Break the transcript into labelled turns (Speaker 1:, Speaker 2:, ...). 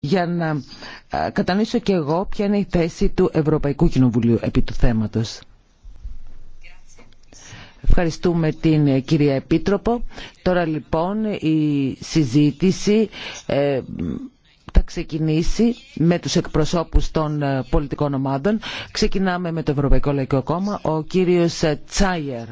Speaker 1: για να κατανοήσω και εγώ ποια είναι η θέση του Ευρωπαϊκού Κοινοβουλίου επί του θέματος. Ευχαριστούμε την ε, κυρία Επίτροπο. Τώρα λοιπόν η συζήτηση ε, θα ξεκινήσει με τους εκπροσώπους των ε, πολιτικών ομάδων. Ξεκινάμε με το Ευρωπαϊκό Λαϊκό Κόμμα, ο κύριος Τσάιερ.